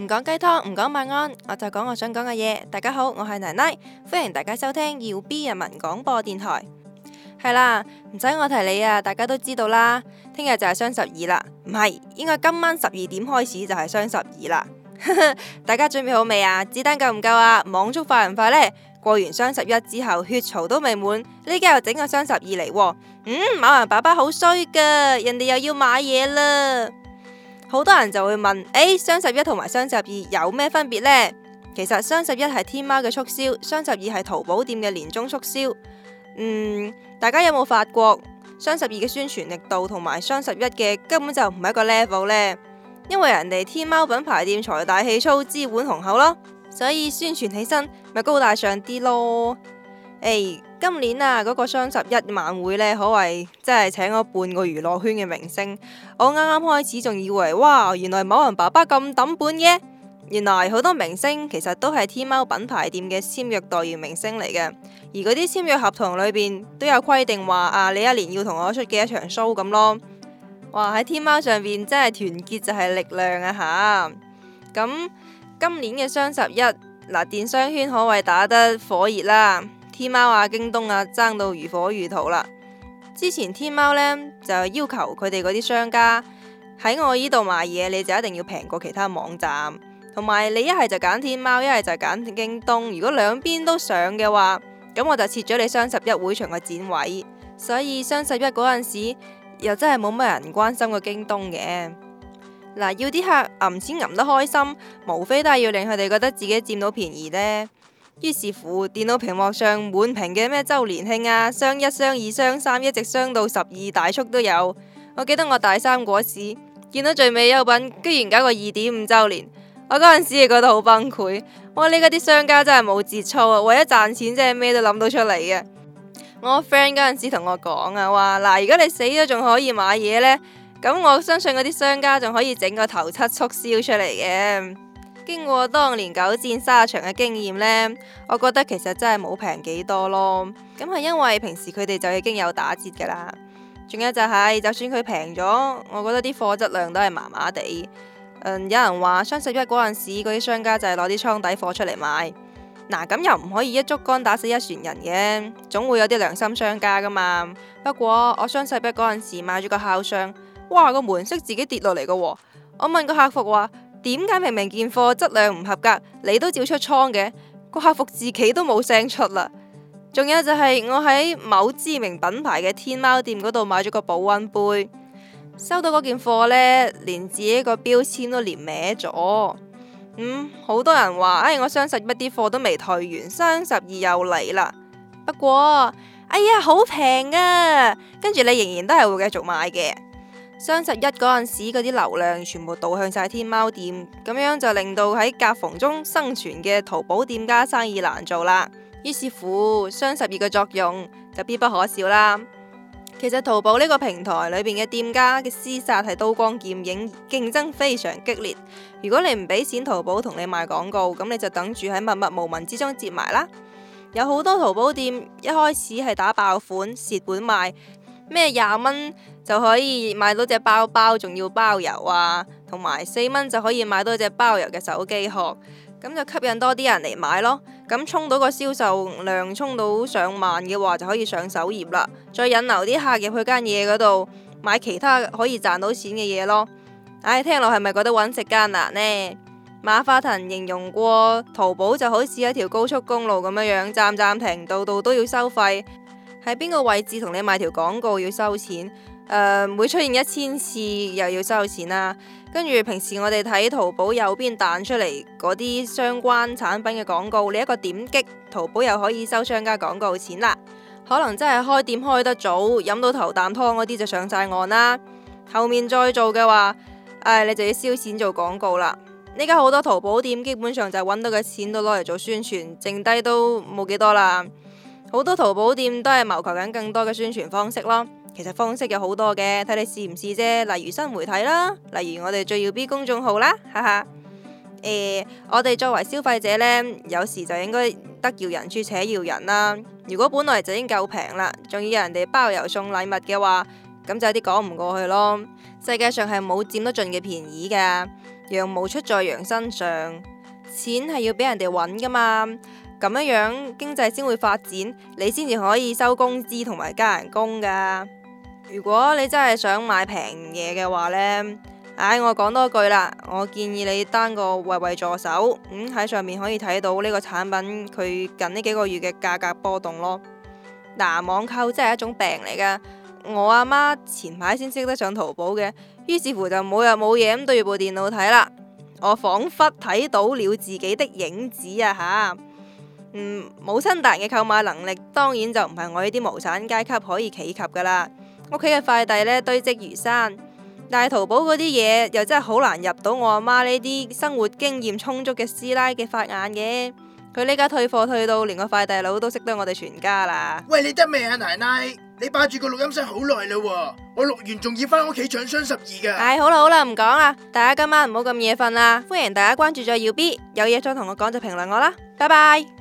唔講雞湯，唔講晚安，我就講我想講嘅嘢。大家好，我係奶奶，歡迎大家收聽耀 B 人民廣播電台。係啦，唔使我提你啊，大家都知道啦。聽日就係雙十二啦，唔係，應該今晚十二點開始就係雙十二啦。 大家準備好未啊？子彈夠唔夠啊？網速快唔快呢？過完雙十一之後血槽都未滿，呢家又整個雙十二嚟。嗯，馬雲爸爸好衰噶，人哋又要買嘢啦。好多人就會問：，誒、欸、雙十一同埋雙十二有咩分別呢？其實雙十一係天貓嘅促銷，雙十二係淘寶店嘅年終促銷。嗯，大家有冇發覺雙十二嘅宣傳力度同埋雙十一嘅根本就唔係一個 level 呢？因為人哋天貓品牌店財大氣粗，資本雄厚咯，所以宣傳起身咪高大上啲咯。誒、欸。今年啊，嗰、那個雙十一晚會呢，可謂即係請咗半個娛樂圈嘅明星。我啱啱開始仲以為，哇，原來馬雲爸爸咁抌本嘅。原來好多明星其實都係天貓品牌店嘅簽約代言明星嚟嘅，而嗰啲簽約合同裏邊都有規定話，啊，你一年要同我出幾多場 show 咁咯。哇，喺天貓上邊真係團結就係力量啊吓。咁、啊，今年嘅雙十一，嗱，電商圈可謂打得火熱啦。天貓啊、京東啊爭到如火如荼啦。之前天貓呢，就要求佢哋嗰啲商家喺我呢度賣嘢，你就一定要平過其他網站，同埋你一係就揀天貓，一係就揀京東。如果兩邊都上嘅話，咁我就切咗你雙十一會場嘅展位。所以雙十一嗰陣時又真係冇乜人關心過京東嘅。嗱，要啲客揞錢揞得開心，無非都係要令佢哋覺得自己佔到便宜呢。於是乎，電腦屏幕上滿屏嘅咩周年慶啊，雙一、雙二、雙三，一直雙到十二大促都有。我記得我大三嗰時，見到最尾優品居然搞個二點五周年，我嗰陣時就覺得好崩潰。我呢家啲商家真係冇節操啊，為咗賺錢真係咩都諗到出嚟嘅。我 friend 嗰陣時同我講啊，話嗱，如果你死咗仲可以買嘢呢，咁我相信嗰啲商家仲可以整個頭七促銷出嚟嘅。經過當年九戰沙場嘅經驗呢，我覺得其實真係冇平幾多咯。咁係因為平時佢哋就已經有打折噶啦，仲有就係、是、就算佢平咗，我覺得啲貨質量都係麻麻地。有人話雙十一嗰陣時，嗰啲商家就係攞啲倉底貨出嚟賣。嗱、啊，咁又唔可以一竹竿打死一船人嘅，總會有啲良心商家噶嘛。不過我雙十一嗰陣時買咗個烤箱，哇個門識自己跌落嚟噶，我問個客服話。點解明明件貨質量唔合格，你都照出倉嘅？個客服自己都冇聲出啦。仲有就係我喺某知名品牌嘅天貓店嗰度買咗個保温杯，收到嗰件貨呢，連自己個標籤都連歪咗。嗯，好多人話，哎，我雙十一啲貨都未退完，雙十二又嚟啦。不過，哎呀，好平啊，跟住你仍然都係會繼續買嘅。雙十一嗰陣時，嗰啲流量全部導向晒天貓店，咁樣就令到喺夾縫中生存嘅淘寶店家生意難做啦。於是乎，雙十二嘅作用就必不可少啦。其實淘寶呢個平台裏邊嘅店家嘅廝殺係刀光劍影，競爭非常激烈。如果你唔俾錢淘寶同你賣廣告，咁你就等住喺默默無聞之中接埋啦。有好多淘寶店一開始係打爆款，蝕本賣。咩廿蚊就可以買到隻包包，仲要包郵啊！同埋四蚊就可以買到隻包郵嘅手機殼，咁就吸引多啲人嚟買咯。咁衝到個銷售量，衝到上萬嘅話，就可以上首頁啦。再引流啲客入去間嘢嗰度買其他可以賺到錢嘅嘢咯。唉，聽落係咪覺得揾食艱難呢？馬化騰形容過，淘寶就好似一條高速公路咁樣樣，站站停，道道都要收費。喺邊個位置同你買條廣告要收錢？誒、呃，每出現一千次又要收錢啦，啊。跟住平時我哋睇淘寶右邊彈出嚟，嗰啲相關產品嘅廣告，你一個點擊，淘寶又可以收商家廣告錢啦。可能真係開店開得早，飲到頭啖湯嗰啲就上晒岸啦。後面再做嘅話，唉，哎，你就要燒錢做廣告啦。呢家，好多淘寶店基本上就揾到嘅錢都攞嚟做宣傳，剩低都冇幾多啦。好多淘寶店都係謀求緊更多嘅宣傳方式咯，其實方式有好多嘅，睇你試唔試啫。例如新媒體啦，例如我哋最耀 B 公眾號啦，哈哈。誒、欸，我哋作為消費者呢，有時就應該得饒人處且饒人啦。如果本來就已經夠平啦，仲要有人哋包郵送禮物嘅話，咁就有啲講唔過去咯。世界上係冇佔得盡嘅便宜噶，羊毛出在羊身上，錢係要俾人哋揾噶嘛。咁樣樣經濟先會發展，你先至可以收工資同埋加人工噶。如果你真係想買平嘢嘅話呢，唉，我講多句啦，我建議你單個惠惠助手咁喺、嗯、上面可以睇到呢個產品佢近呢幾個月嘅價格波動咯。嗱、啊，網購真係一種病嚟噶。我阿媽前排先識得上淘寶嘅，於是乎就冇日冇夜咁對住部電腦睇啦。我仿佛睇到了自己的影子啊！吓、啊、～嗯，母親大人嘅購買能力當然就唔係我呢啲無產階級可以企及噶啦。屋企嘅快遞咧堆積如山，但係淘寶嗰啲嘢又真係好難入到我阿媽呢啲生活經驗充足嘅師奶嘅法眼嘅。佢呢家退貨退到連個快遞佬都識得我哋全家啦。喂，你得未啊，奶奶？你霸住個錄音室好耐啦，我錄完仲要翻屋企搶雙十二噶。唉，好啦好啦，唔講啦，大家今晚唔好咁夜瞓啦。歡迎大家關注最耀 B，有嘢再同我講就評論我啦，拜拜。